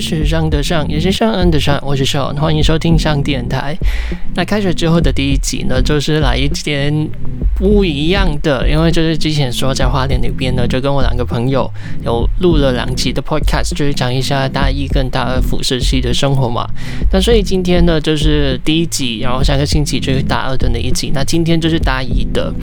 是上得上，也是上恩的上。我是小恩，歡迎收聽上電台。那開學之後的第一集呢，就是來一點不一樣的，因為就是之前說在花蓮那邊呢，就跟我兩個朋友有錄了兩集的 podcast，就是講一下大一跟大二服設系的生活嘛。那所以今天呢，就是第一集，然後下個星期就是大二的那一集。那今天就是大一的。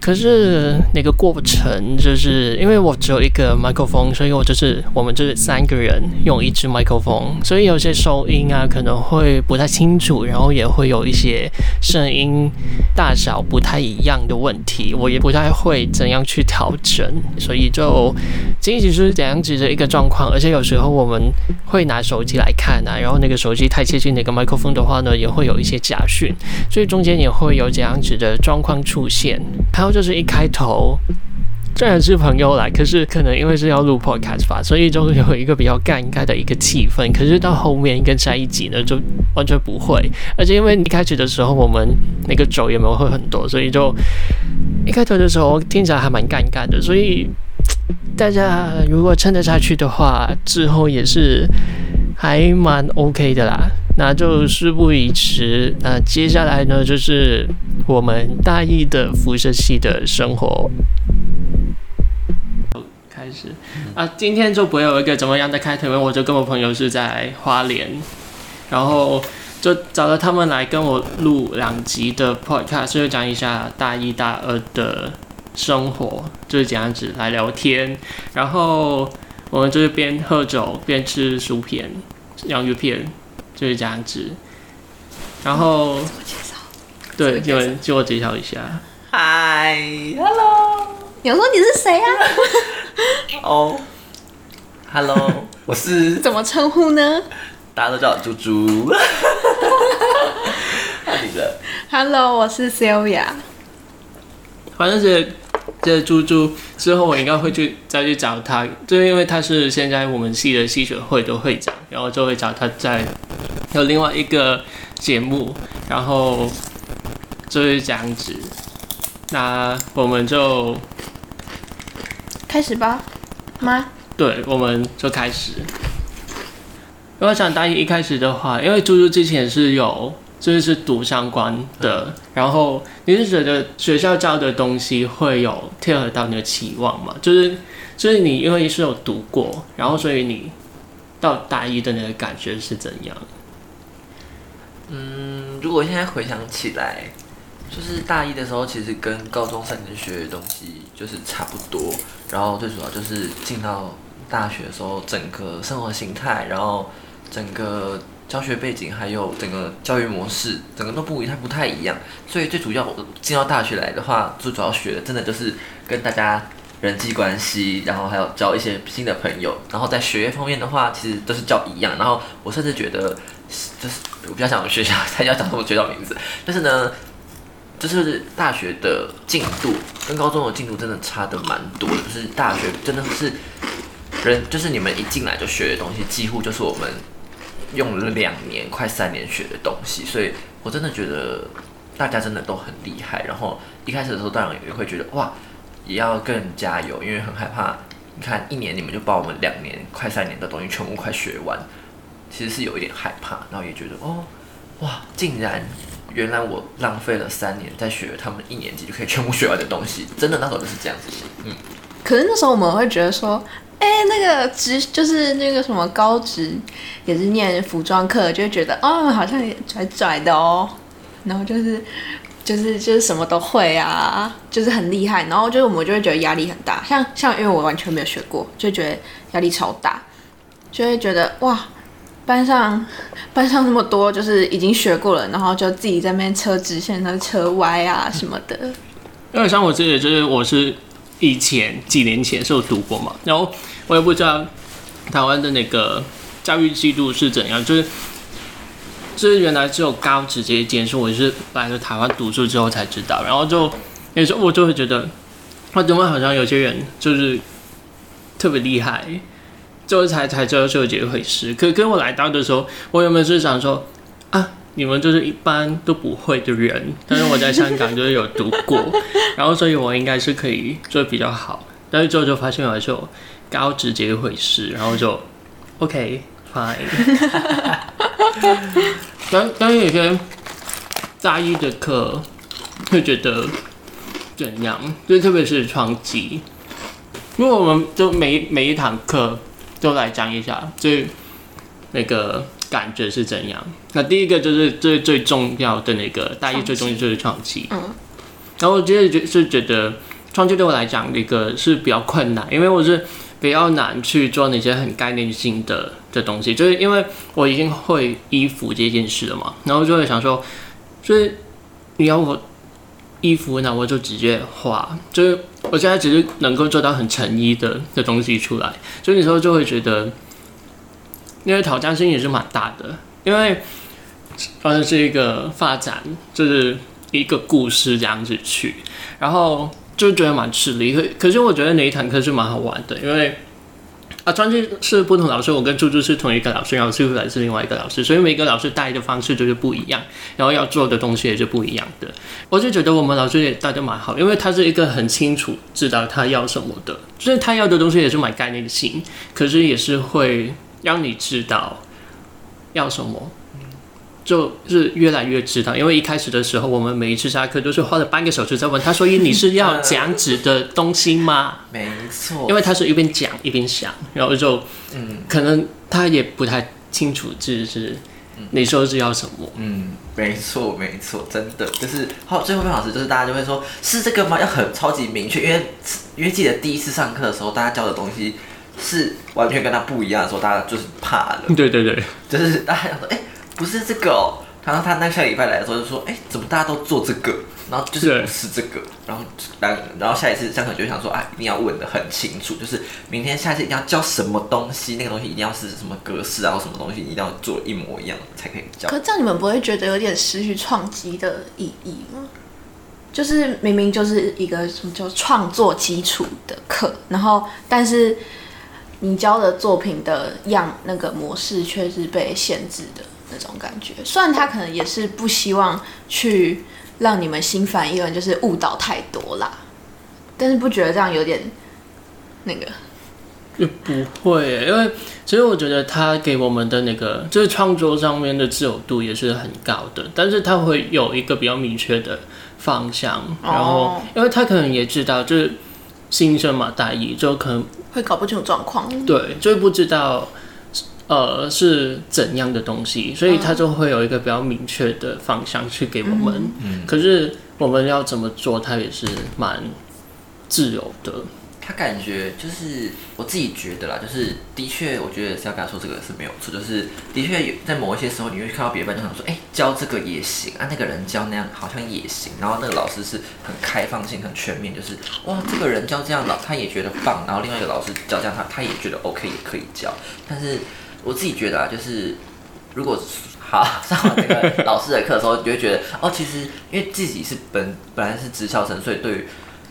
可是那個過程，就是因為我只有一個麥克風，所以我就是我們這三個人用一支麥克風，所以有些收音啊可能會不太清楚，然後也會有一些聲音大小不太一樣的問題，我也不太會怎樣去調整，所以就僅僅只是這樣子的一個狀況。而且有時候我們會拿手機來看啊，然後那個手機太接近那個麥克風的話呢，也會有一些假訊，所以中間也會有這樣子的狀況出現。還有就是一開頭雖然是朋友啦，可是可能因為是要錄 podcast，所以就有一個比較尷尬的一個氣氛。可是到後面跟下一集呢，就完全不會。而且因為一開始的時候我們那個酒也沒有喝很多，所以就一開頭的時候聽起來還蠻尷尬的。所以大家如果撐得下去的話，之後也是還蠻 OK 的啦。那就事不宜遲，那接下來呢，就是我們大一的服設系的生活，開始啊。今天就不會有一個怎麼樣的開頭，因為我就跟我朋友是在花蓮，然後就找到他們來跟我錄兩集的 podcast，就講一下大一大二的生活，就是這樣子來聊天。然後我們就是邊喝酒邊吃薯片、洋芋片。就是這樣子，然後怎麼介紹？對，就自我介紹一下。Hi，Hello，你要說你是誰呀，啊？哦、 oh,，Hello，我是 怎麼稱呼呢？大家都叫我朱朱。哈 ，Hello，我是 Sylvia。反正就是就是朱朱，朱朱之後我應該會去再去找他，就因為他是現在我們系的系學會的會長，然後就會找他在。和另外一個節目，然後就是這樣子。那我們就開始吧，好嗎？對，我們就開始。如果想大一一開始的話，因為朱朱之前是有就是、是讀相關的，然後你是覺得學校教的東西會有貼合到你的期望嗎？就是，就是你因為是有讀過，然後所以你到大一的那個感覺是怎樣？嗯，如果我現在回想起來，就是大一的時候，其實跟高中三年學的東西就是差不多。然後最主要就是進到大學的時候，整個生活形態，然後整個教學背景，還有整個教育模式，整個都不一，它不太一樣。所以最主要，進到大學來的話，最主要學的真的就是跟大家人際關係，然後還有交一些新的朋友。然後在學業方面的話，其實都是教一樣。然後我甚至覺得。就是我比較想學校參加講座，才叫什麼學校名字，但是呢，就是大學的進度跟高中的進度真的差得蠻多的，就是大學真的是人，就是你們一進來就學的東西，幾乎就是我們用了兩年快三年學的東西，所以我真的覺得大家真的都很厲害。然後一開始的時候，當然也會覺得哇，也要更加油，因為很害怕，你看一年你們就把我們兩年快三年的東西全部快學完。其實是有一點害怕，然後也覺得哦，哇，竟然原來我浪費了三年在學他們一年級就可以全部學完的東西，真的，那時候都是這樣子。嗯，可是那時候我們會覺得說，哎、欸，那個職就是那個什麼高職，也是念服裝課，就會覺得哦，好像也拽拽的哦，然後就是就是就是什麼都會啊，就是很厲害，然後就是我們就會覺得壓力很大，像像因為我完全沒有學過，就覺得壓力超大，就會覺得哇。班上班上這麼多，就是已經學過了，然後就自己在那邊車直線，那車歪，啊什麼的。因為像我自己，就是我是以前幾年前時候讀過嘛，然後我也不知道台灣的那個教育制度是怎樣，就是就是原來只有高職這一件事，我是來了台灣讀書之後才知道，然後就有時候我就會覺得，那、啊、怎麼好像有些人就是特別厲害。最後才才知道是有這回事。可可我來到的時候，我原本是想說啊，你們就是一般都不會的人。但是我在香港就是有讀過， 然後所以我應該是可以做比較好。但是最後就發現我是有高職這個回事，然後我就 OK fine。 但但是有些大一的課會覺得怎樣？就特別是創基，因為我們就每每一堂課。就來講一下，最那個感覺是怎樣？那第一個就是最最重要的那個，大一最重要就是創期。嗯，然後我其實覺是覺得創期對我來講，一、那個是比較困難，因為我是比較難去做那些很概念性的的東西，就是因為我已經會衣服這件事了嘛，然後就會想說，所以你要我。衣服那我就直接畫，就是我現在只是能夠做到很誠意的的東西出來，所以那時候就會覺得，因為挑戰性也是蠻大的，因為，而且是一個發展，就是一個故事這樣子去，然後就覺得蠻吃力，可可是我覺得那一堂課是蠻好玩的，因為。啊，專輯是不同老師，我跟朱朱是同一個老師，然後 Sylvia 來自另外一個老師，所以每個老師帶的方式就是不一樣，然後要做的東西也是不一樣的。我就覺得我們老師也帶的蠻好，因為他是一個很清楚知道他要什麼的，就是他要的東西也是蠻概念性，可是也是會讓你知道要什麼。就是越來越知道，因為一開始的時候，我們每一次下課，都是花了半個小時在問他，說，你是要講紙的東西嗎？ 沒錯，因為他是一邊講一邊想，然後就嗯，可能他也不太清楚就是你說是要什麼。嗯，沒錯沒錯，真的就是後最後半小時，就是大家就會說是這個嗎？要很超級明確，因為因為記得第一次上課的時候，大家教的東西是完全跟他不一樣的時候，大家就是怕了。對對對，就是大家說哎。欸不是這個。哦，然後他那下禮拜來的時候就說：“哎，怎麼大家都做這個？”然後就是不是這個。然後然然後下一次張可就想說：“哎、啊，一定要問得很清楚，就是明天下一次一定要交什麼東西，那個東西一定要是什麼格式啊，然後什麼東西一定要做一模一樣才可以交。可這樣你們不會覺得有點失去創基的意義嗎？就是明明就是一個什麼叫創作基礎的課，然後但是你交的作品的樣那個模式卻是被限制的。那種感覺，雖然他可能也是不希望去讓你們心煩意亂，就是誤導太多啦，但是不覺得這樣有點那個、欸？不會，因為其實我覺得他給我們的那個就是創作上面的自由度也是很高的，但是他會有一個比較明確的方向，然後、哦、因為他可能也知道就是新生嘛，大一就可能會搞不清楚狀況，對，就是不知道。呃，是怎樣的東西？所以他就會有一個比較明確的方向去給我們嗯。嗯，可是我們要怎麼做，他也是蠻自由的。他感覺就是我自己覺得啦，就是的確，我覺得是要跟他說這個是沒有錯。就是的確有在某一些時候，你會看到別的班就想說，哎、欸，教這個也行啊，那個人教那樣好像也行。然後那個老師是很開放性、很全面，就是哇，這個人教這樣老他也覺得棒。然後另外一個老師教這樣，他他也覺得 OK，也可以教。但是。我自己覺得啊，就是如果好上了這個老師的課的時候，你就會覺得哦，其實因為自己是本本來是職校生，所以對於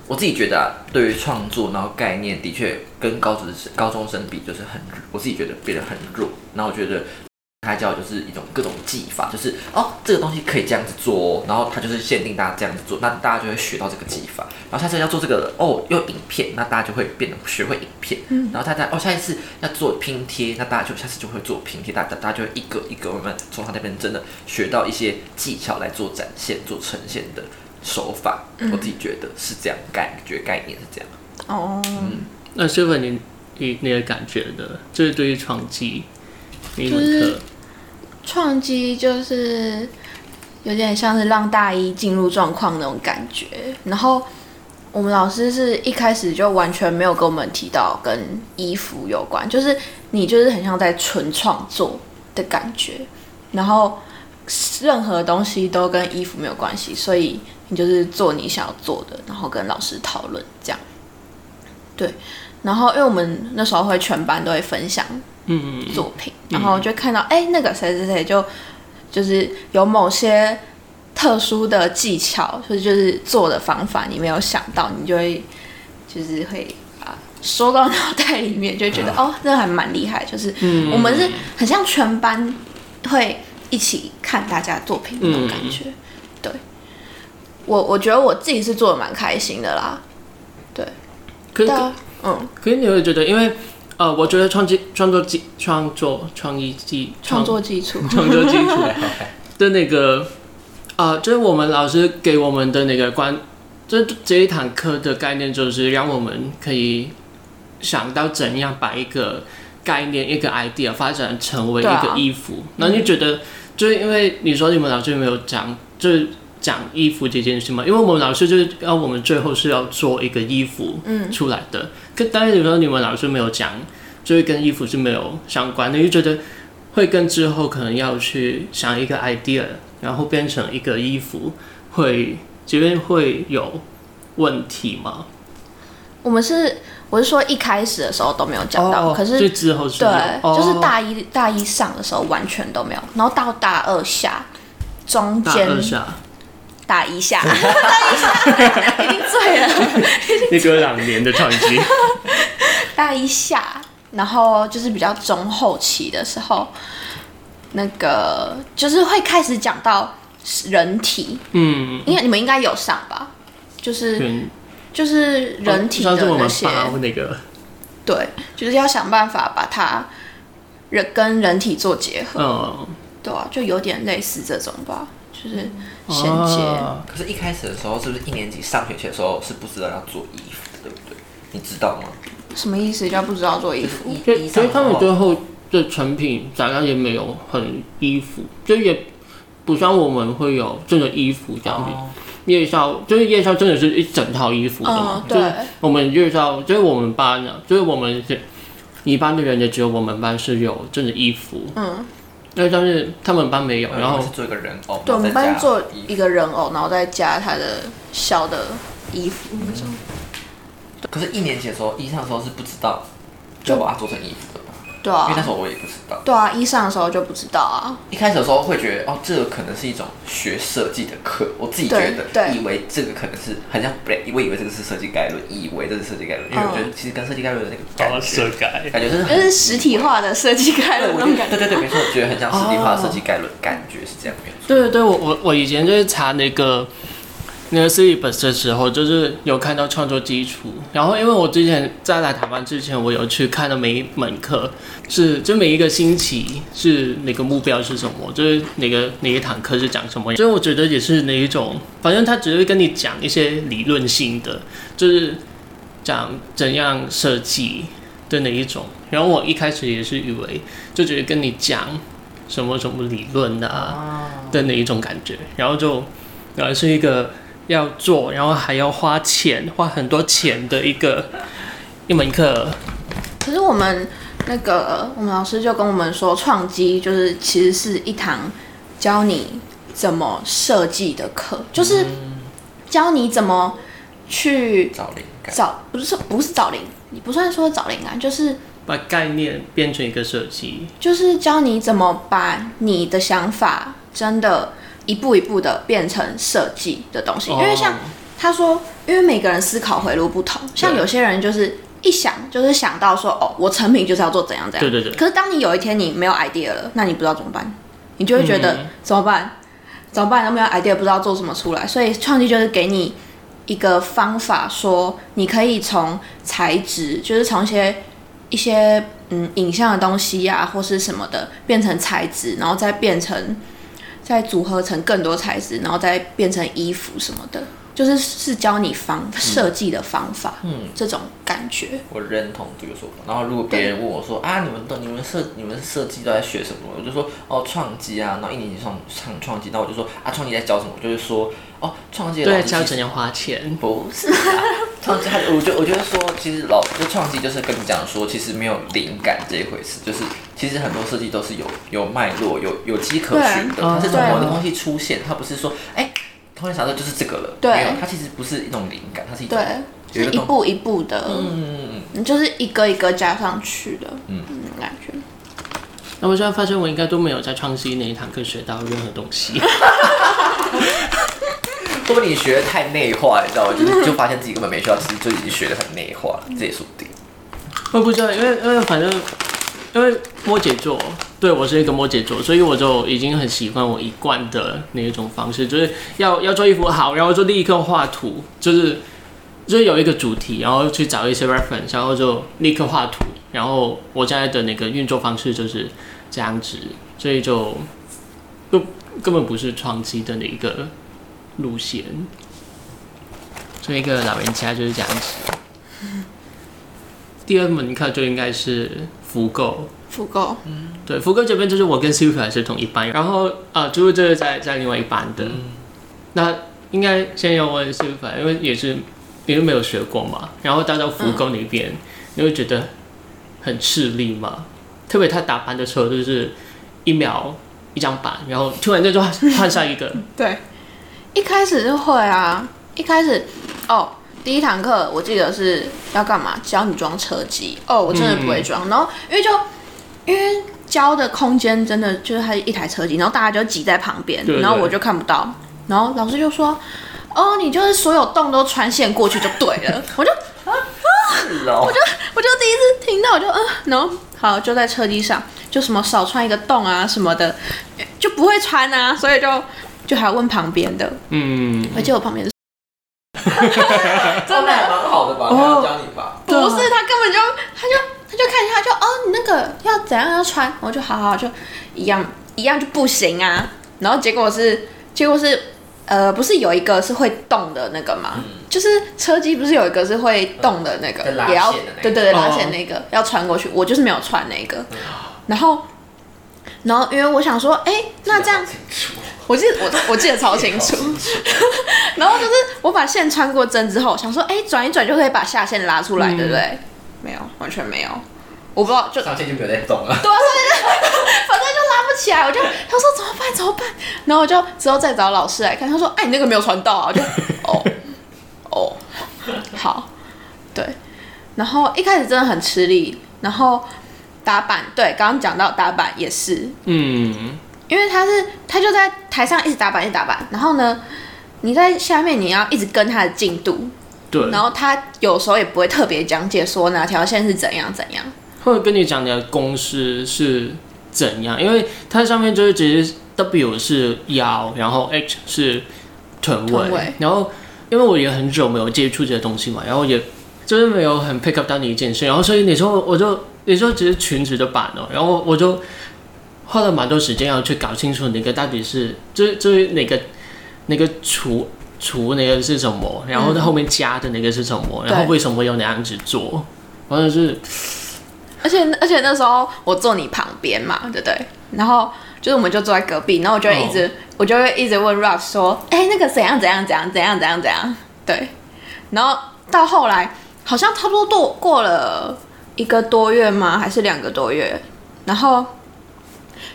我自己覺得，啊，對於創作然後概念的確跟高職高中生比，就是很我自己覺得變得很弱。然後我覺得。他叫就是一種各種技法，就是哦，這個東西可以這樣子做，哦，然後他就是限定大家這樣子做，那大家就會學到這個技法。然後下次要做這個哦，用影片，那大家就會變得學會影片。嗯，然後他再哦，下一次要做拼貼，那大家就下次就會做拼貼。大家，大家就會一個一個慢慢從他那邊真的學到一些技巧來做展現、做呈現的手法。嗯、我自己覺得是這樣，感覺概念是這樣。哦，嗯、那 s h i r v 你你那個感覺呢？就是對於創機，你們課。創機就是有點像是讓大一進入狀況那種感覺，然後我們老師是一開始就完全沒有跟我們提到跟衣服有關，就是你就是很像在純創作的感覺，然後任何東西都跟衣服沒有關係，所以你就是做你想要做的，然後跟老師討論這樣。對，然後因為我們那時候會全班都會分享。嗯，作品，然後就看到，哎、嗯欸，那個誰誰誰就，就是有某些特殊的技巧，所以就是做的方法，你沒有想到，你就會，就是會啊，收到腦袋裡面，就覺得哦，那個、還蠻厲害，就是我們是很像全班會一起看大家作品那種感覺，嗯、對，我我覺得我自己是做的蠻開心的啦，對，可是，嗯，可是你會覺得，因為。呃，我覺得創基創作基創作創意基創作基礎創 作基礎的那個，呃，就是我們老師給我們的那個關，這這一堂課的概念就是讓我們可以想到怎樣把一個概念一個 idea 發展成為一個衣服。那、啊、你覺得，嗯、就是因為你說你們老師沒有講，就是講衣服這件事嗎？因為我們老師就是要我們最後是要做一個衣服嗯出來的。嗯跟，但是有時候你們老師沒有講，就會跟衣服是沒有相關的，就覺得會跟之後可能要去想一個 idea，然後變成一個衣服，會這邊會有問題嗎？我們是我是說一開始的時候都沒有講到，oh, 可是最之後是對，oh. 就是大一大一上的時候完全都沒有，然後到大二下中間。大一下，大 一下，一定醉了。那個兩年的差距。大一下，然後就是比較中後期的時候，那個就是會開始講到人體，嗯，因為你們應該有上吧？就是、嗯、就是人體的那些、哦、我是我們那個，對，就是要想辦法把它人跟人體做結合，嗯、哦，對啊，就有點類似這種吧，就是。嗯銜接、啊。可是，一開始的時候，是不是一年級上學期的時候是不知道要做衣服的，對不對？你知道嗎？什麼意思？叫不知道做衣服？所、嗯、以、嗯嗯，他們最後的成品大概也沒有很衣服，就也不像我們會有這個衣服這樣子。哦，夜校就是夜校，真的是一整套衣服的嘛，嗯？就是我們夜校、嗯，就是我們班的、啊嗯，就是我們一班的人也只有我們班是有這個衣服。嗯。那就是他們班沒有，嗯、然後是做一個人偶，對，我們班做一個人偶，然後再加他的小的衣服。嗯嗯、可是，一年前的時候，一上的時候是不知道就要把它做成衣服的。對啊，因為那時候我也不知道。對啊，一上的時候就不知道啊。一開始的時候會覺得，哦，這個可能是一種學設計的課，我自己覺得對對，以為這個可能是很像，不，我以為這個是設計概論，以為這是設計概論，嗯，因為我覺得其實跟設計概論的那個到設感覺，感覺是就是實體化的設計概論，對對對，沒錯，覺得很像實體化的設計概論，哦，感覺是這樣子。對對對，我我我以前就是查那個。那個 syllabus 的時候，就是有看到創作基礎。然後，因為我之前在來台灣之前，我有去看到每一門課是，就每一個星期是哪個目標是什麼，就是哪個哪一堂課是講什麼。所以我覺得也是哪一種，反正他只是跟你講一些理論性的，就是講怎樣設計的哪一種。然後我一開始也是以為就只是跟你講什麼什麼理論、啊、的的哪一種感覺，然後就呃是一個。要做，然後還要花錢，花很多錢的一個一門課。可是我們那個，我們老師就跟我們說，創機就是其實是一堂教你怎麼設計的課，嗯，就是教你怎麼去找靈感，找不是說不是找靈感，你不算說找靈感，就是把概念變成一個設計，就是教你怎麼把你的想法真的。一步一步的變成設計的東西，因為像他說，因為每個人思考迴路不同，像有些人就是一想就是想到說，哦，我成品就是要做怎樣怎樣。對對對。可是當你有一天你沒有 idea 了，那你不知道怎麼辦，你就會覺得、嗯、怎麼辦？怎麼辦都沒有 idea，不知道做什麼出來。所以創意就是給你一個方法，說你可以從材質，就是從一些，一些嗯影像的東西呀、啊，或是什麼的變成材質，然後再變成。再組合成更多材質，然後再變成衣服什麼的。就是是教你方設計的方法，嗯，嗯，這種感覺，我認同這個說法。然後如果別人問我說啊，你們都你們設你們設計都在學什麼？我就說哦，創基啊，然後一年級上創創基，那我就說啊，創基在教什麼？就是說哦，創基對，教整人家花錢，嗯、不是創、啊、基， 我覺我就得說，其實老這創基就是跟你講說，其實沒有靈感這一回事，就是其實很多設計都是有有脈絡、有有機可循的、嗯，它是從某的東西出現，哦、它不是說哎。欸突然想到就是這個了，沒有，它其實不是一種靈感，它是一種一，對，是一步一步的，嗯，你就是一個一個加上去的，嗯，感覺。那我現在發現我應該都沒有在創新那一堂課學到任何東西。會不會你學得太內化，你知道嗎？就是就發現自己根本沒學到，其實就已經學的很內化了，這也說不定、嗯。我不知道，因為因為反正。因為摩羯座，對，我是一個摩羯座，所以我就已經很喜歡我一貫的那一種方式，就是要要做衣服好，然後就立刻畫圖，就是就是有一個主題，然後去找一些 reference，然後就立刻畫圖。然後我現在的那個運作方式就是這樣子，所以就根根本不是創新的那一個路線。所以一個老人家就是這樣子。第二門課就應該是。福哥，福哥，嗯，對，福哥這邊就是我跟 Sylvia 還是同一班，然後啊就是這就是在在另外一班的。嗯、那應該先要問 Sylvia 因為也是因為沒有學過嘛。然後帶到福哥那邊，你會覺得很吃力嗎？特別他打板的時候就是一秒一張板，然後突然間就換上一個。 對，一開始就會啊，一開始哦。第一堂課我記得是要幹嘛？教你裝車機哦，我真的不會裝。嗯、然後因為就因為教的空間真的就是它是一台車機，然後大家就擠在旁邊，對對對，然後我就看不到。然後老師就說：“哦，你就是所有洞都穿線過去就對了。” 我就啊啊我就我就我就第一次聽到我就嗯、啊，然後好就在車機上就什麼少穿一個洞啊什麼的，就不會穿啊，所以就就還要問旁邊的。嗯，而且我旁邊是。 真的蠻好的吧，他教你吧？不是，他根本就，他就，他就看一下，就哦，你那個要怎樣要穿，我就好好就一樣一樣就不行啊。然後結果是，結果是，呃，不是有一個是會動的那個嗎？嗯、就是車機不是有一個是會動的那個，嗯、也要，拉線的那一個也要，對對對，拉線的那個、哦、要穿過去，我就是沒有穿那個，然後。然後，因為我想說，哎、欸，那這樣，我記得我我記得超清楚。清楚 然後就是我把線穿過針之後，想說，哎、欸，轉一轉就可以把下線拉出來、嗯，對不對？沒有，完全沒有，我不知道。就上線就沒有在動了。所以、啊、就反正就拉不起來。我就他說怎麼辦怎麼辦？然後我就之後再找老師來看，他說，哎，你那個沒有傳到啊。我就哦 哦，好，對。然後一開始真的很吃力，然後。打板，對，剛剛講到打板也是，嗯，因為他是他就在台上一直打板，一直打板，然後呢，你在下面你要一直跟他的進度，對，然後他有時候也不會特別講解說哪條線是怎樣怎樣，或者跟你講你的公式是怎樣，因為它上面就是直接 W 是腰，然後 H 是臀圍，然後因為我也很久沒有接觸這些東西嘛，然後也。就是沒有很 pick up 到你一件事，然後所以你說我就你說只是裙子的版哦，然後我就花了蠻多時間要去搞清楚哪個到底是就是就是哪個那個除除那個是什麼，然後在後面加的那個是什麼，嗯，然後為什麼要那樣子做，或者、就是。而且而且那時候我坐你旁邊嘛，對不對？然後就是我們就坐在隔壁，然後我就一直、哦、我就會一直問 Ralph 說：“哎，那個怎樣怎樣怎樣怎樣怎樣怎樣？”對，然後到後來。好像差不多都過了一個多月嗎？還是兩個多月？然後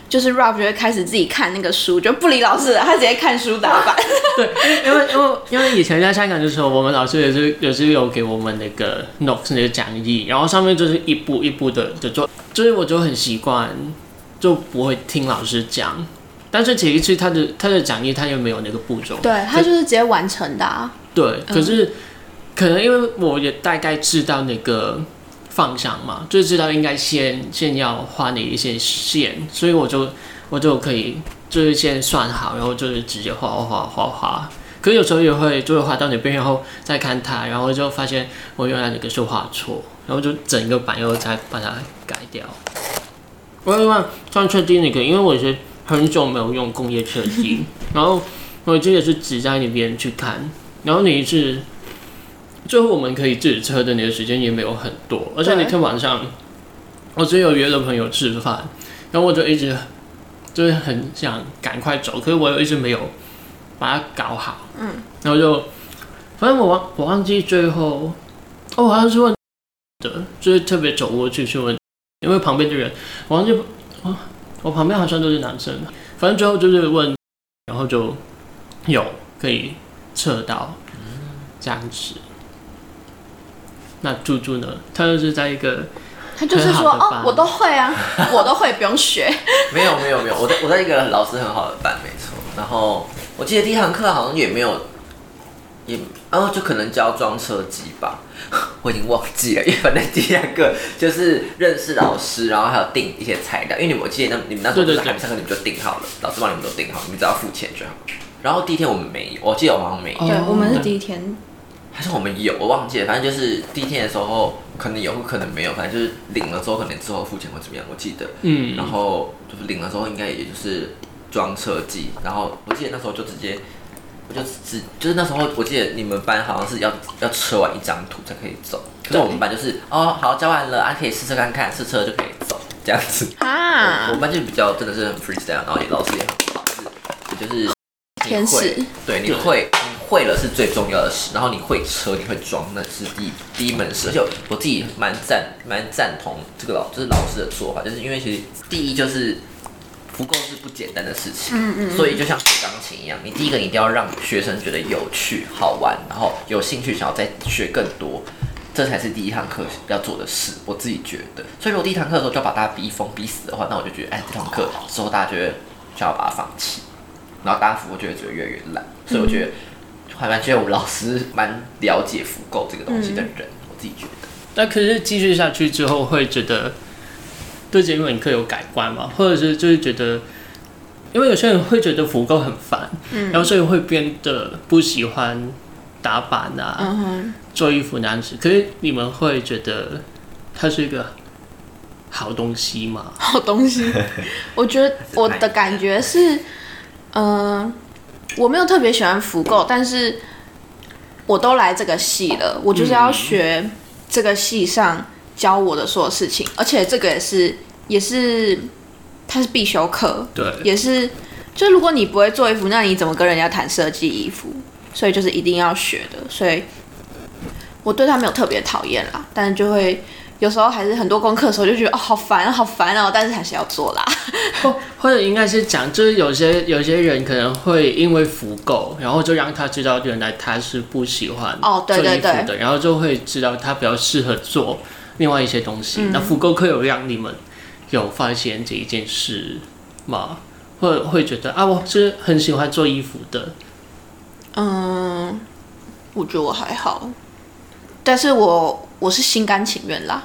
就是 Rob 就會就開始自己看那個書，就不理老師了，他直接看書打板。 對，因為因為因為以前在香港的時候，我們老師也是也是有給我們那個 notes 那個講義，然後上面就是一步一步的就做，所、就、以、是、我就很習慣，就不會聽老師講。但是這一次他的他的講義他又沒有那個步驟，對他就是直接完成的、啊。對，可是。嗯可能因為我也大概知道那個方向嘛，就知道應該先先要畫哪一些線，所以我就我就我可以就是先算好，然後就是直接畫畫畫畫畫。可有時候也會就是畫到那邊以後再看它，然後就發現我原來那個是畫錯，然後就整個板又再把它改掉。我因為算車機那個，因為我覺得很久沒有用工業車機，然後我這也是只在那邊去看，然後你是。最後我們可以自己測的，你的時間也沒有很多，而且那天晚上我只有約了朋友吃飯，然後我就一直就是很想趕快走，可是我又一直沒有把它搞好，嗯，然後就反正我忘我忘記最後哦，我好像是問的，就是特別走過去去問，因為旁邊的人我忘記、哦、我旁邊好像都是男生，反正最後就是問，然後就有可以測到、嗯、這樣子。那豬豬呢？他就是在一個，他就是說，哦，我都會啊， 我都會，不用學。沒有沒有沒有，我在我在一個老師很好的班，沒錯。然後我記得第一堂課好像也沒有，也然後、啊、就可能教裝車機吧， 我已經忘記了。因為反正第一堂課就是認識老師，然後還有訂一些材料。因為你們我記得那你們那時候就是還沒上上課你們就訂好了，對對對，老師幫你們都訂好了，你們只要付錢就好。然後第一天我們沒有，我記得我好像沒有。對，我們是第一天。嗯還是我們有，我忘記了，反正就是第一天的時候，可能有，或可能沒有，反正就是領了之後，可能之後付錢或怎麼樣，我記得。嗯。然後就是領了之後，應該也就是裝車記，然後我記得那時候就直接，我就只就是那時候，我記得你們班好像是要要車完一張圖才可以走，嗯，可是我們班就是哦好交完了啊，可以試車看看，試車就可以走這樣子。啊。我們班就比較真的是很 free style，然後也老師也很好就是天使對你會。會了是最重要的事，然後你會車，你會裝，那是第一第一門事。而且我自己蠻讚蠻贊同這個老就是老師的做法，就是因為其實第一就是，服設是不簡單的事情。嗯嗯。所以就像學鋼琴一樣，你第一個你一定要讓學生覺得有趣、好玩，然後有興趣想要再學更多，這才是第一堂課要做的事。我自己覺得，所以如果第一堂課的時候就要把大家逼瘋、逼死的話，那我就覺得哎，這堂課之後大家覺得就會要把它放棄，然後大家服設覺得覺得越來越懶、嗯，所以我覺得。還蠻覺得我們老師蠻了解服構這個東西的人，嗯、我自己覺得。那可是繼續下去之後，會覺得對這門課有改觀嗎？或者是就是覺得，因為有些人會覺得服構很煩、嗯，然後所以會變得不喜歡打版啊、嗯、做衣服、那樣子。可是你們會覺得它是一個好東西嗎？好東西，我覺得我的感覺是，嗯、 呃。我沒有特別喜歡服構，但是我都來這個系了，我就是要學這個系上教我的所有事情，而且這個也是也是它是必修課，對，也是就如果你不會做衣服，那你怎麼跟人家談設計衣服？所以就是一定要學的，所以我對它沒有特別討厭啦，但是就會。有時候還是很多功課的時候，就覺得哦，好煩、啊，好煩哦、啊。但是還是要做啦。或、哦、或者應該是講，就是有些有些人可能會因為服構，然後就讓他知道原來他是不喜歡哦做衣服的，對對對，然後就會知道他比較適合做另外一些東西。嗯、那服構課有讓你們有發現這一件事嗎？或者會覺得啊，我是很喜歡做衣服的。嗯，我覺得我還好，但是我。我是心甘情願啦，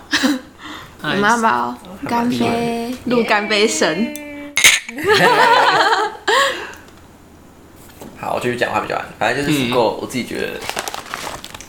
乾、nice. 杯，鹿乾杯神，yeah、 好，我繼續講話比較完，反正就是，不過我自己覺得，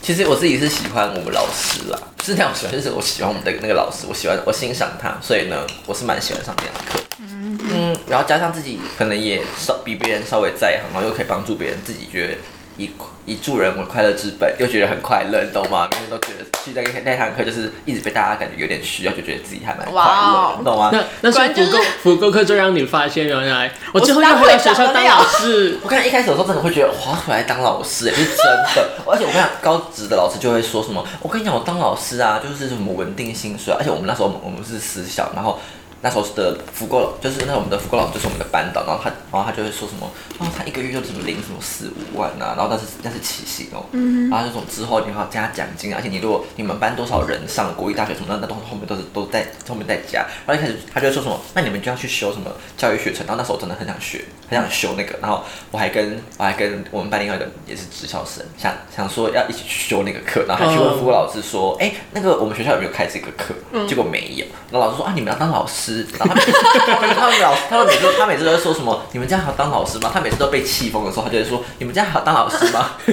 其實我自己是喜歡我們老師啦，是這樣喜歡，就是我喜歡我們的那個老師，我喜歡我欣賞他，所以呢，我是蠻喜歡上這樣的課，mm -hmm. 嗯，然後加上自己可能也稍比別人稍微在行，然後又可以幫助別人，自己覺得。以以助人為快樂之本，又覺得很快樂，你懂嗎？每天都覺得去那那堂課就是一直被大家感覺有點需要，就覺得自己還蠻快樂，wow. 懂嗎？那那以輔工輔工課就讓你發現，原來我最後又回到學校當老師。我，我看一開始的時候真的會覺得哇回來當老師，欸、也、就是真的。 而且我跟你講高職的老師就會說什麼，我跟你講，我當老師啊，就是什麼穩定薪水、啊，而且我們那時候我們，我們是私校，然後。那時候的福哥老，老師就是那我們的福哥老師就是我們的班導，然後他然後他就會說什麼，啊、哦，他一個月就什麼領什麼四五萬啊，然後但是但是起薪哦，然後就從之後你要加獎金、啊，而且你如果你們班多少人上國立大學，什麼的，那東西後面都是都在後面在加，然後一開始他就會說什麼，那你們就要去修什麼教育學程，然後那時候真的很想學，很想修那個，然後我還跟我還跟我們班另外一個也是職校生，想想說要一起去修那個課，然後還去問福哥老師說，哎、哦欸、那個我們學校有沒有開這個課，結果沒有，嗯、然後老師說啊你們要當老師。 然後他們老，他們每、每次，他每次都在說什麼？你們家還要當老師嗎？他每次都被氣瘋的時候，他就會說：你們家還要當老師嗎？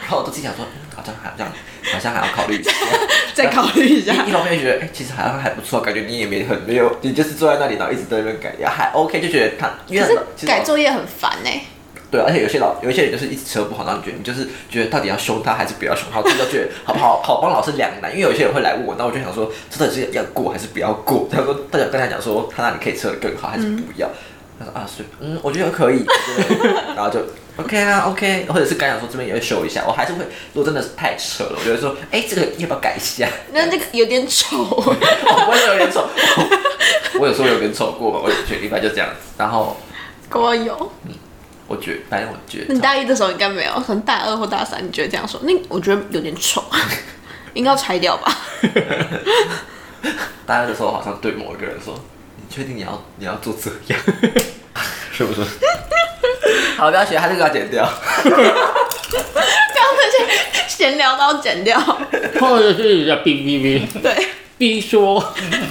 然後我都自己想說：好像好像好像還要考慮一下， 再考慮一下。一方面覺得哎、欸，其實好像還不錯，感覺你也沒很沒有，你就是坐在那裡然後一直在那邊改，還 OK，就覺得他因為。可是改作業很煩哎。 對、啊，而且有些老有一些人就是一直扯不好，然後你覺得你就是覺得到底要凶他還是不要凶他，自己都覺得好不好好，好幫老師兩難，因為有一些人會來問我，那我就想說這到底是要過還是不要過？他說，大家跟他講說他哪裡可以扯的更好還是不要？他、嗯、說啊，是嗯，我覺得可以， 然後就 OK 啊 OK，或者是剛想說這邊也會修一下，我還是會，如果真的是太扯了，我就會說哎，這個要不要改一下？那這個有點醜，我、 哦、不會有點醜，哦、我有時候有點醜過嘛，我也覺得一般就這樣子，然後過油。我有我覺得，反正我覺得。你大一的時候應該沒有，可能大二或大三，你覺得這樣說，那你我覺得有點醜，應該要拆掉吧。 大二的時候好像對某一個人說：“你確定你要你要做這樣，是不是？” 好，不要學，還是給他剪掉。不 要那些閒聊都要剪掉。或者是叫嗶嗶逼。對。逼，說， 那個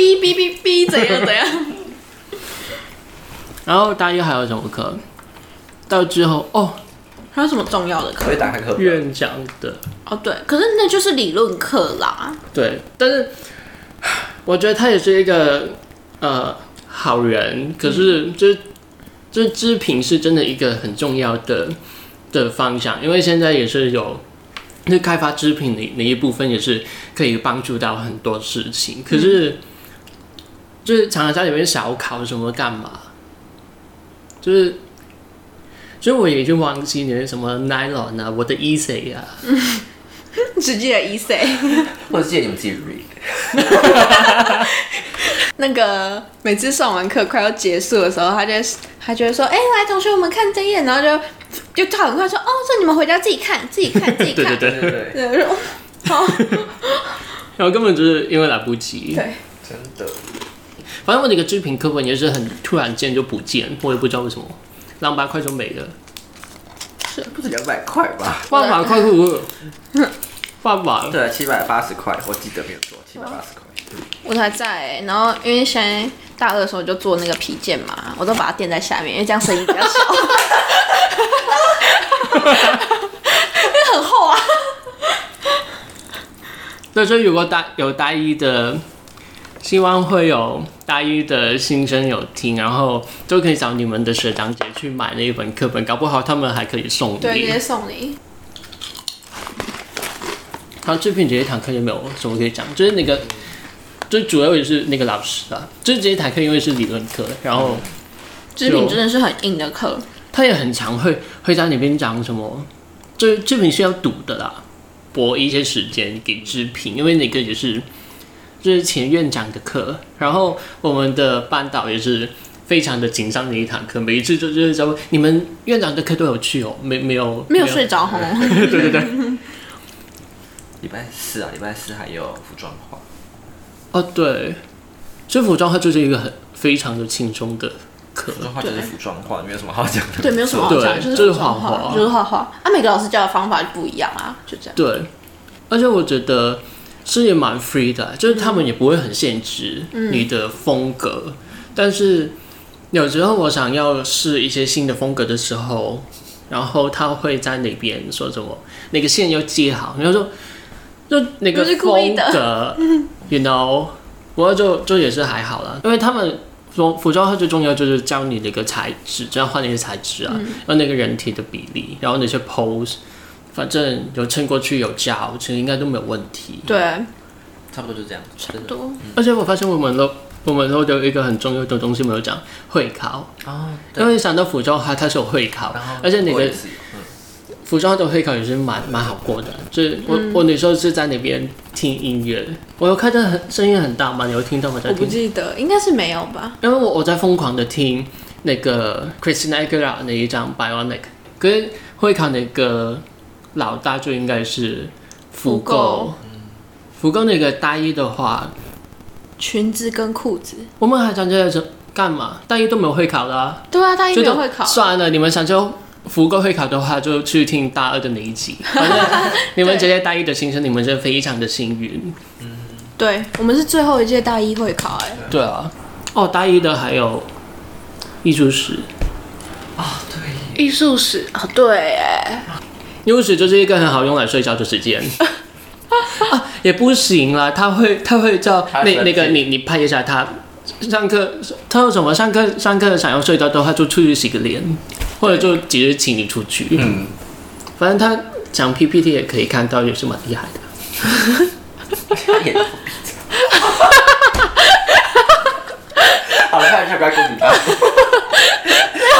嗶嗶逼逼怎樣怎樣。然後大一還有什麼課？到之後哦，還有什麼重要的？可以打開課。院長的。哦，對，可是那就是理論課啦。對，但是我覺得他也是一個呃好人。可是就、嗯，就是就是織品是真的一個很重要的的方向，因為現在也是有那開發織品的那一部分也是可以幫助到很多事情。可是、嗯、就是常常在裡面小考什麼幹嘛，就是。所以我也就忘記那些什麼 Nylon 啊，我的 E C 啊，嗯，只記得 E C， 我只記得你們自己 read 那個每次上完課快要結束的時候，他就他覺得說：“哎、欸，來，同學，我們看這一頁，然後就就他很快說：“哦，這你們回家自己看，自己看，自己看。 ”對對對對對對。然後， 然後根本就是因為來不及。對，真的。反正我那個織品課本也是很突然間就不見，我也不知道為什麼。兩百塊就沒了，是不是兩百塊吧？萬把塊？哼，萬把。對，七百八十塊，我記得沒有錯，七百八十塊。我都還在、欸，然後因為現在大二的時候我就做那個皮件嘛，我都把它墊在下面，因為這樣聲音比較小 因、啊。 因為很厚啊。 對，所以如果大有大一的，希望會有大一的新生有聽，然後就可以找你們的學長姐去買那一本課本，搞不好他們還可以送你。對，直接送你。好，織品這一堂課也沒有什麼可以講，就是那個最主要也是那個老師啊，就是這一堂課因為是理論課，然後織品真的是很硬的課。他也很常會會在裡面講什麼，這織品是要讀的啦，撥一些時間給織品，因為那個也是。就是前院長的課，然後我們的班導也是非常的緊張的一堂課，每一次就就是在問你們院長的課都有去哦，沒沒有沒有,沒有睡着哦？對對對,對，禮 拜四啊，禮拜四還有服裝畫哦，對，這服裝畫就是一個很非常的輕鬆的課，服裝畫就是服裝畫沒有什麼好講的，對，沒有什麼好講，就是畫畫，就是畫畫，啊，每個老師教的方法就不一樣啊，就這樣，對，而且我覺得。是也蠻 free 的，就是他們也不會很限制你的風格，嗯嗯、但是有時候我想要試一些新的風格的時候，然後他會在那邊說什麼，哪、那個線要接好，然後說，就那個風格不是，you know，不過就就也是還好了，因為他們說服裝它最重要就是教你的一個材質，怎樣換一些材質啊，然、嗯、後那個人體的比例，然後那些 pose。反正有撐過去有交，其實應該都沒有問題。對，差不多就這樣，差不多、嗯。而且我發現我們都，我們都有一個很重要的東西沒有講，會考。哦，因為想到服裝的話，它是有會考，而且你的服裝的會考也是蠻蠻、嗯、好過的。就是我我那時候是在那邊聽音樂、嗯，我有開的很聲音很大嗎？你會聽到我在聽？我不記得，應該是沒有吧。因為我我在瘋狂的聽那個 Christina Aguilera 那一張 Bionic 可是會考那個。老大就應該是服構。服構那個大一的話，裙子跟褲子。我們還講這幹嘛？大一都沒有會考的、啊。對啊，大一都沒有會考。算了，你們想就服構會考的話，就去聽大二的那一集。 反正你們這些大一的新生， 你們真的非常的幸運。對，我們是最後一屆大一會考哎、欸。對啊，哦，大一的還有藝術史。啊，對，藝術史啊，對哎。啊對優勢就是一個很好用來睡覺的時間，啊，也不行啦，他會他會叫那那個你你拍一下他，上課他說什麼上課上課，想要睡覺的話就出去洗個臉，或者就直接請你出去，嗯，反正他講 PPT 也可以看到，有什麼厲害的。 好了，看一下不要說你哈，沒有，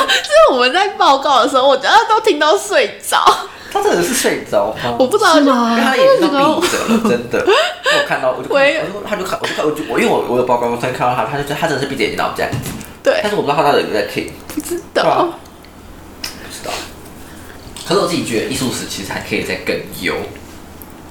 是我們在報告的時候，我覺得都聽到睡着。他真的是睡着，我不知道、啊嗎，因為他眼睛都閉着了，真的。 我看到我就看我他說他就看，我就我就他就看我就看我就我因為我有我有曝光我過，看到他，他就覺得他真的是閉着眼睛在。對。但是我不知道他到底有沒有在看。不知道是。不知道。可是我自己覺得藝術史其實還可以再更優。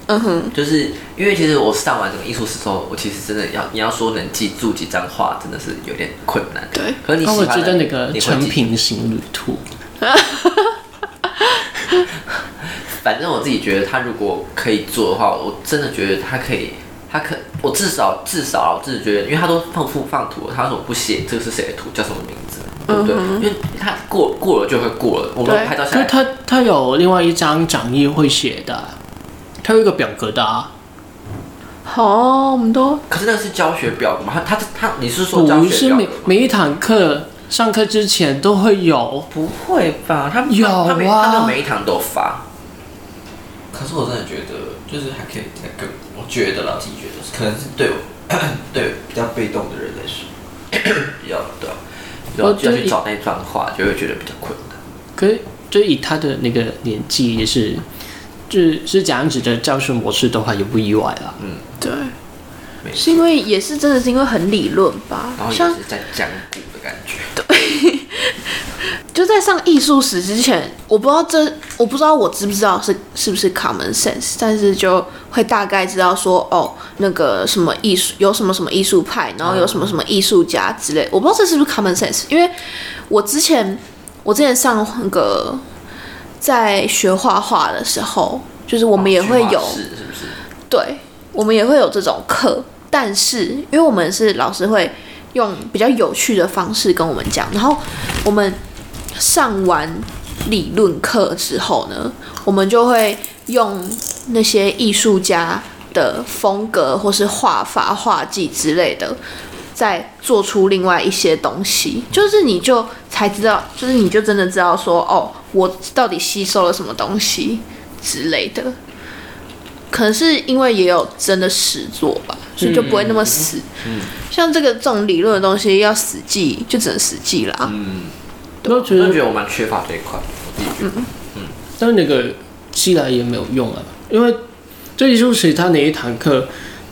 嗯哼。就是因為其實我上完整個藝術史之後，我其實真的要你要說能記住幾張畫，真的是有點困難。對。可是你喜記得那個成品行旅圖。 反正我自己覺得，他如果可以做的話，我真的覺得他可以，他可我至少至少，我自己覺得，因為他都放放圖，他說我不寫這個是誰的圖，叫什麼名字，對不對？嗯、因為他過過了就會過了，我們拍照下來，他他有另外一張講義會寫的，他有一個表格的啊。好、哦，我們都，可是那是教學表嘛？他他他，他，你是說教學表？不是每每一堂課。上課之前都會有，不會吧？嗯、他有啊，他每每一堂都發。可是我真的覺得，就是還可以再更。我覺得啦，你覺得是？可能是對我呵呵對我比較被動的人來說，比較的要、哦、要去找那段話，就會覺得比較困難。可就以他的那個年紀，也是，就是這樣子的教授模式的話，也不意外了。嗯，對。是因為也是真的是因為很理論吧，好像是在講古的感覺。對， 就在上藝術史之前，我不知道這我不知道我知不知道是是不是 common sense，但是就會大概知道說哦，那個什麼藝術有什麼什麼藝術派，然後有什麼什麼藝術家之類。我不知道這是不是 common sense，因為我之前我之前上那個在學畫畫的時候，就是我們也會有，哦、是不是？對，我們也會有這種課。但是，因為我們是老師，會用比較有趣的方式跟我們講。然後我們上完理論課之後呢，我們就會用那些藝術家的風格或是畫法、畫技之類的，再做出另外一些東西。就是你就才知道，就是你就真的知道說，哦，我到底吸收了什麼東西之類的。可能是因為也有真的實作吧。所以就不會那麼死，像這個這種理論，的東西要死記，就只能死記了啊。嗯，我覺得我蠻缺乏這一塊。嗯嗯，但是那個記來也沒有用啊，因為這就是他哪一堂課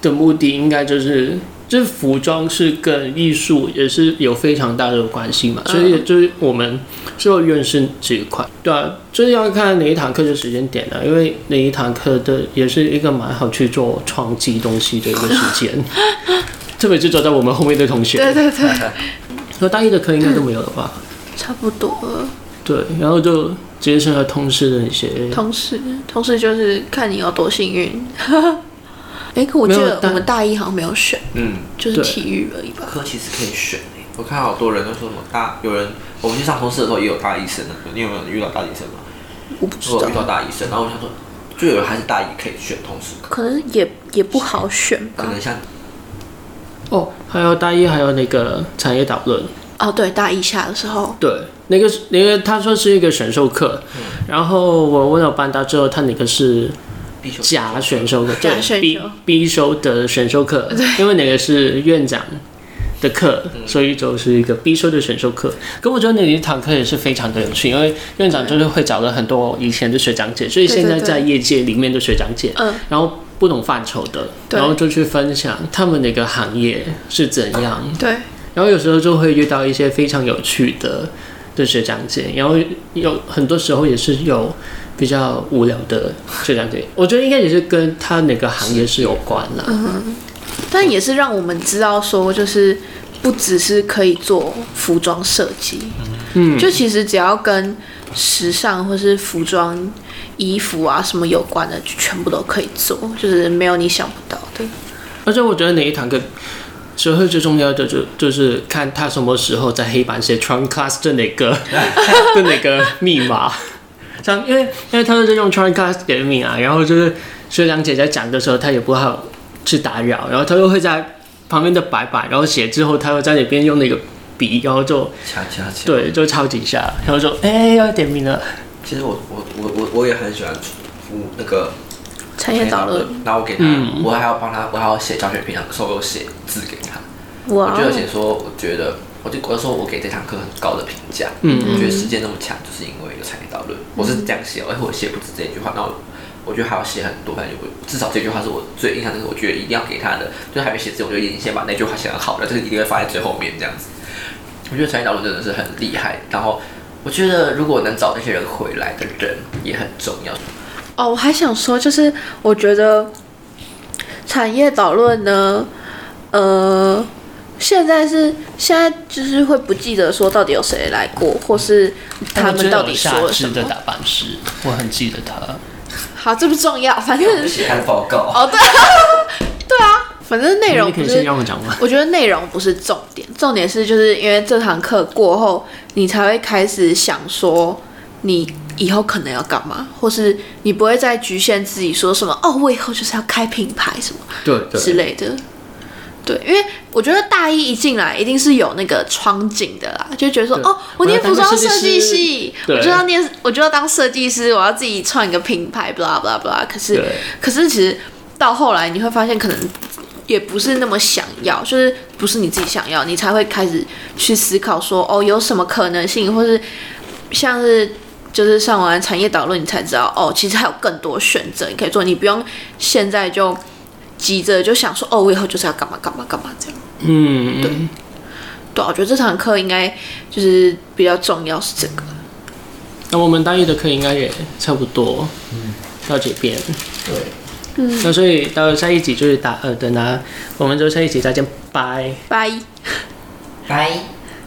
的目的，應該就是。這服裝是跟藝術也是有非常大的關係嘛，所以就是我們就要認識這一塊，對啊，就是要看哪一堂課的時間點了，因為哪一堂課的也是一個蠻好去做創記東西的一個時間，特別是走在我們後面的同學， 對對對， 那大一的課應該都沒有了吧、嗯？差不多，對，然後就接上和同事的一些，同事，同事就是看你有多幸運。 誒，可我記得我們大一好像沒有選，嗯，就是體育而已吧。課其實可以選，我看好多人都說什麼大有人，我們去上通識的時候也有大一生的課，你有沒有遇到大一生嗎？我不知道。遇到大一生，然後我想說，就有人還是大一可以選通識，可能也也不好選吧。可能像哦，還有大一還有那個產業導論，哦，對，大一下的時候，對，那個那個他說是一個選修課，嗯，然後我我有班到之後，他那個是。假選修課、甲選手必必修的選修課，因為那個是院長的課，所以就是一個必修的選修課。可、嗯、我覺得那些堂課也是非常的有趣，因為院長就是會找了很多以前的學長姐，所以現在在業界裡面的學長姐，對對對，然後不同範疇的，然後就去分享他們那個行業是怎樣。對，然後有時候就會遇到一些非常有趣的的學長姐，然後有，有，有很多時候也是有。比較無聊的這兩點，我覺得應該也是跟他哪個行業是有關了、嗯。嗯，但也是讓我們知道說，就是不只是可以做服裝設計，嗯，就其實只要跟時尚或是服裝衣服啊什麼有關的，就全部都可以做，就是沒有你想不到的。嗯、而且我覺得哪一堂課最後最重要的、就是，就就是看他什麼時候在黑板寫 trans class 的哪個的哪個密碼。 像因為因為他們在用 TronClass 點名啊，然後就是學長姐在講的時候，他也不好去打擾，然後他又會在旁邊的白板，然後寫之後，他又在那邊用那個筆，然後就對，就抄幾下，然後就說哎、欸、要點名了。其實我我我我我也很喜歡扶那個產業導論，我給他，我還要幫他，我還要寫教學評量，所以我寫字給他，我就要寫說我覺得。我就我說我給這堂課很高的評價，嗯，我覺得世界那麼強，就是因為有產業導論。我是這樣寫，而、哎、且我寫不止這一句話，那我覺得還要寫很多，反正我至少這句話是我最印象的，是我覺得一定要給他的。就還沒寫字，我就已經先把那句話寫好了，這個一定會放在最後面這樣子。我覺得產業導論真的是很厲害，然後我覺得如果能找那些人回來的人也很重要。哦，我還想說，就是我覺得產業導論呢，呃。現在是現在，就是會不記得說到底有誰來過，或是他們是到底說了什麼。的打扮我很記得他。 好，這不重要，反正，就是。寫他報告。哦，對， 對啊，反正內容不是。你可以先讓我講完。我覺得內容不是重點，重點是就是因為這堂課過後，你才會開始想說，你以後可能要幹嘛，或是你不會再局限自己說什麼哦，我以後就是要開品牌什麼，對之類的。對對對，因為我覺得大一一進來一定是有那個憧憬的啦，就覺得說，哦，我念服裝設計系，我就要念，我就要當設計師，我要自己創一個品牌，blah blah blah，可是，可是其實到後來你會發現，可能也不是那麼想要，就是不是你自己想要，你才會開始去思考說，哦，有什麼可能性，或是像是就是上完產業導論，你才知道，哦，其實還有更多選擇你可以做，你不用現在就。急着就想說哦，我以後就是要幹嘛幹嘛幹嘛這樣。嗯，對，對啊，我覺得這堂課應該就是比較重要是這個。嗯，那我們大一的課應該也差不多，嗯，到這邊，對，嗯。那所以到下一集就是大二的啦，我們就下一集再見，拜拜拜。Bye Bye